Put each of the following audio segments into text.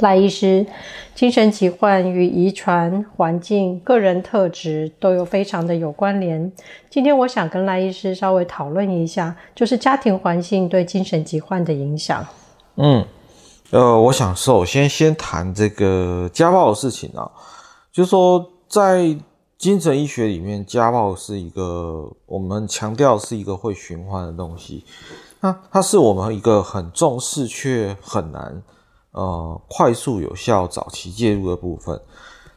賴醫師，精神疾患與遺傳、環境、個人特質都有非常的有關聯。今天我想跟賴醫師稍微討論一下，就是家庭環境對精神疾患的影響。嗯，呃，我想首先先談這個家暴的事情啊，就是說在精神醫學裡面，家暴是一個我們強調是一個會循環的東西，那它，它是我們一個很重視卻很難。呃，快速有效、早期介入的部分，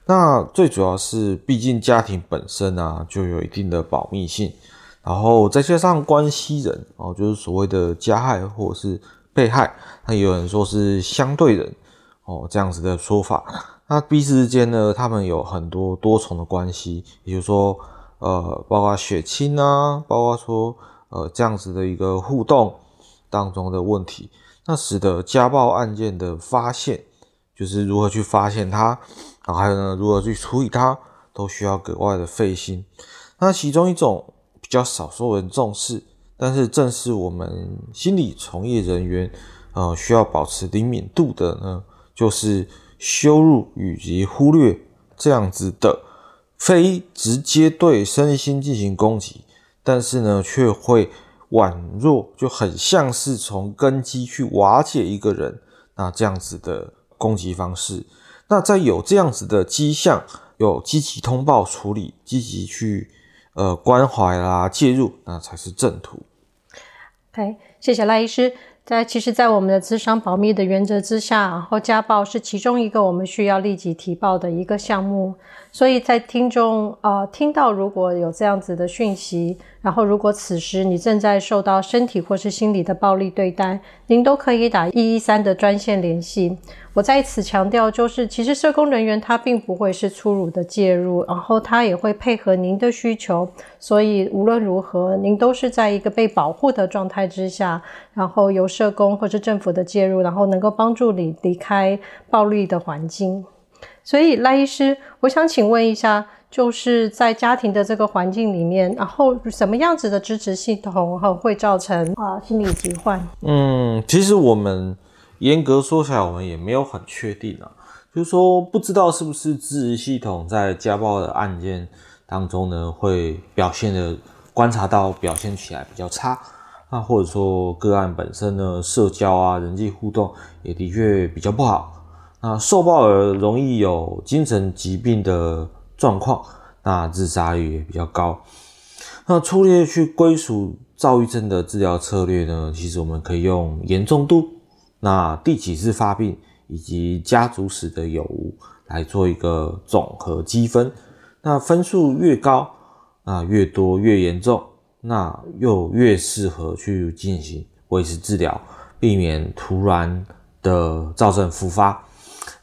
那最主要是，畢竟家庭本身啊，就有一定的保密性，然後再加上關係人哦，就是所謂的加害或者是被害，那有人說是相對人哦，這樣子的說法。那彼此之間呢，他們有很多多重的關係，也就是說，呃，包括血親啊，包括說呃這樣子的一個互動當中的問題。那使得家暴案件的發現，就是如何去發現它，然後還有呢，如何去處理它，都需要格外的費心。那其中一種比較少受人重視，但是正是我們心理從業人員，呃，需要保持靈敏度的呢，就是羞辱以及忽略這樣子的非直接對身心進行攻擊，但是呢，卻會。宛若就很像是從根基去瓦解一個人，那這樣子的攻擊方式，那在有這樣子的跡象，有積極通報處理，積極去呃，關懷啦、介入，那才是正途。OK，謝謝賴醫師。在其實，在我們的諮商保密的原則之下，然後家暴是其中一個我們需要立即提報的一個項目，所以在聽眾啊、呃、聽到如果有這樣子的訊息，然後，如果此時你正在受到身體或是心理的暴力對待，您都可以打一一三的專線聯繫。我在此強調，就是其實社工人員他並不會是粗魯的介入，然後他也會配合您的需求。所以無論如何，您都是在一個被保護的狀態之下，然後由社工或是政府的介入，然後能夠幫助你離開暴力的環境。所以賴醫師，我想請問一下。就是在家庭的這個環境裡面，然後什麼樣子的支持系統哈會造成啊心理疾患？嗯，其實我們嚴格說下來，我們也沒有很確定啊，就是說不知道是不是支持系統在家暴的案件當中呢會表現的觀察到表現起來比較差，那或者說個案本身呢社交啊人際互動也的確比較不好，那受暴兒容易有精神疾病的狀況，那自殺率也比較高。那粗略去歸屬躁鬱症的治療策略呢？其實我們可以用嚴重度、那第幾次發病以及家族史的有無來做一個總和積分。那分數越高，那越多越嚴重，那又越適合去進行維持治療，避免突然的躁症復發。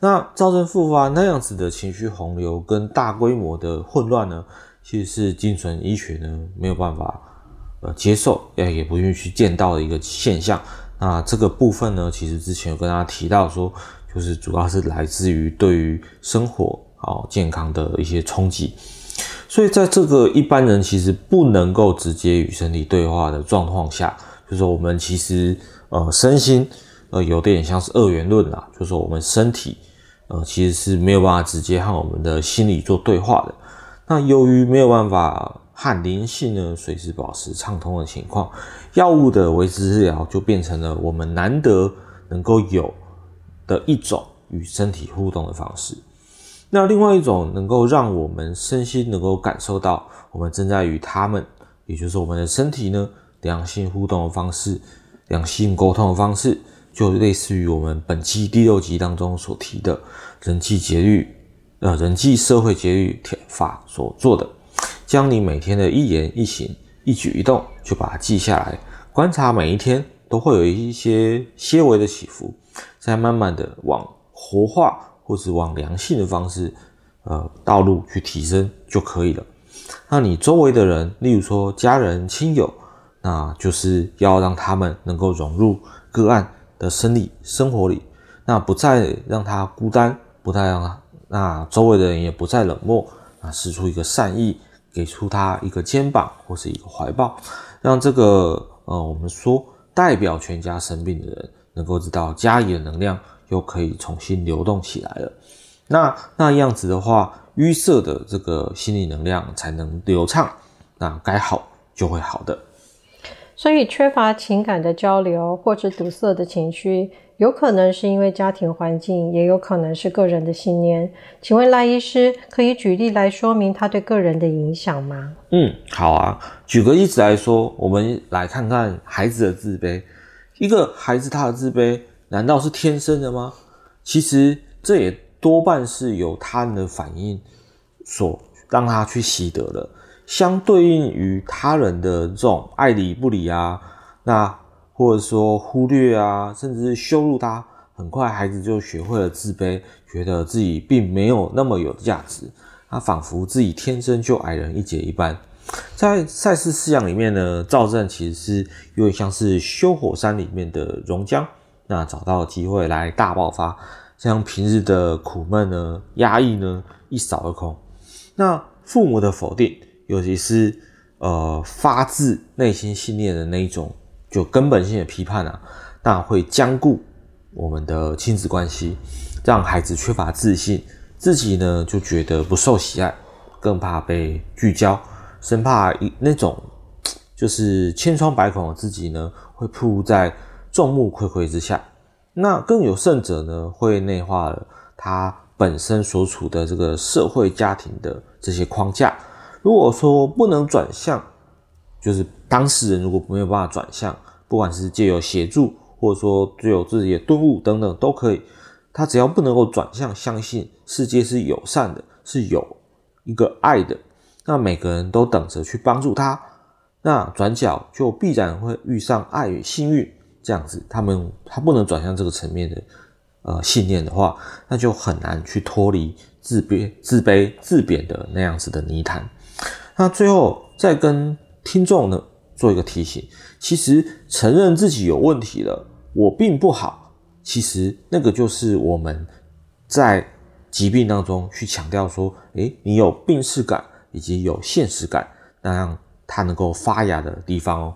那造成復發那樣子的情緒洪流，跟大規模的混亂呢，其實是精神醫學呢沒有辦法呃接受，也不願意去見到的一個現象。那這個部分呢，其實之前有跟大家提到說，就是主要是來自於對於生活啊、哦、健康的一些衝擊。所以在這個一般人其實不能夠直接與身體對話的狀況下，就是我們其實呃身心呃有點像是二元論啦，就是我們身體。呃，其實是沒有辦法直接和我們的心理做對話的。那由於沒有辦法和靈性呢，隨時保持暢通的情況，藥物的維持治療就變成了我們難得能夠有的一種與身體互動的方式。那另外一種能夠讓我們身心能夠感受到我們正在與他們，也就是我們的身體呢，良性互動的方式，良性溝通的方式。就類似於我們本期第六集當中所提的人際節律，呃，人際社會節律療法所做的，將你每天的一言一行、一舉一動就把它記下來，觀察每一天都會有一些些微的起伏，再慢慢的往活化或是往良性的方式，呃，道路去提升就可以了。那你周圍的人，例如說家人、親友，那就是要讓他們能夠融入個案的生理生活裡，那不再讓他孤單，不再讓他，那周圍的人也不再冷漠，啊，使出一個善意，給出他一個肩膀或是一個懷抱，讓這個呃，我們說代表全家生病的人，能夠知道家裡的能量又可以重新流動起來了。那那樣子的話，淤塞的這個心理能量才能流暢，那該好就會好的。所以缺乏情感的交流，或者堵塞的情緒，有可能是因為家庭環境，也有可能是個人的信念。請問賴醫師，可以舉例來說明他對個人的影響嗎？嗯，好啊，舉個例子來說，我們來看看孩子的自卑。一個孩子，他的自卑，難道是天生的嗎？其實這也多半是由他人的反應所讓他去習得的。相對應於他人的這種愛理不理啊，那或者說忽略啊，甚至是羞辱他，很快孩子就學會了自卑，覺得自己並沒有那麼有價值，他仿佛自己天生就矮人一截一般。在賽事思想裡面呢，躁症其實是有點像是休火山裡面的熔漿，那找到機會來大爆發，將平日的苦悶呢、壓抑呢一掃而空。那父母的否定。尤其是，呃，發自內心信念的那一種，就根本性的批判啊，那會僵固我們的親子關係，讓孩子缺乏自信，自己呢就覺得不受喜愛，更怕被聚焦，生怕那種就是千瘡百孔的自己呢會曝在眾目睽睽之下。那更有甚者呢，會內化了他本身所處的這個社會家庭的這些框架。如果說不能轉向，就是當事人如果沒有辦法轉向，不管是借由協助，或者說借由自己的頓悟等等，都可以。他只要不能夠轉向，相信世界是友善的，是有一個愛的，那每個人都等着去幫助他，那轉角就必然會遇上愛與幸運這樣子。他們他不能轉向這個層面的呃信念的話，那就很難去脫離自卑、自卑、自貶的那樣子的泥潭。那最後再跟聽眾呢做一個提醒。其實承認自己有問題了，我並不好，其實那個就是我們在疾病當中去強調說，誒、欸，你有病識感以及有現實感，那讓他能夠發芽的地方哦。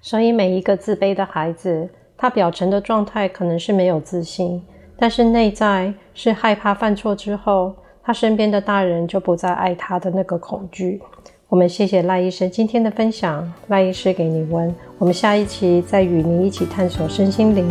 所以每一個自卑的孩子，他表層的狀態可能是沒有自信，但是內在是害怕犯錯之後，他身邊的大人就不再愛他的那個恐懼。我們謝謝賴醫生今天的分享，賴醫師給你問。我們下一期再與您一起探索身心靈。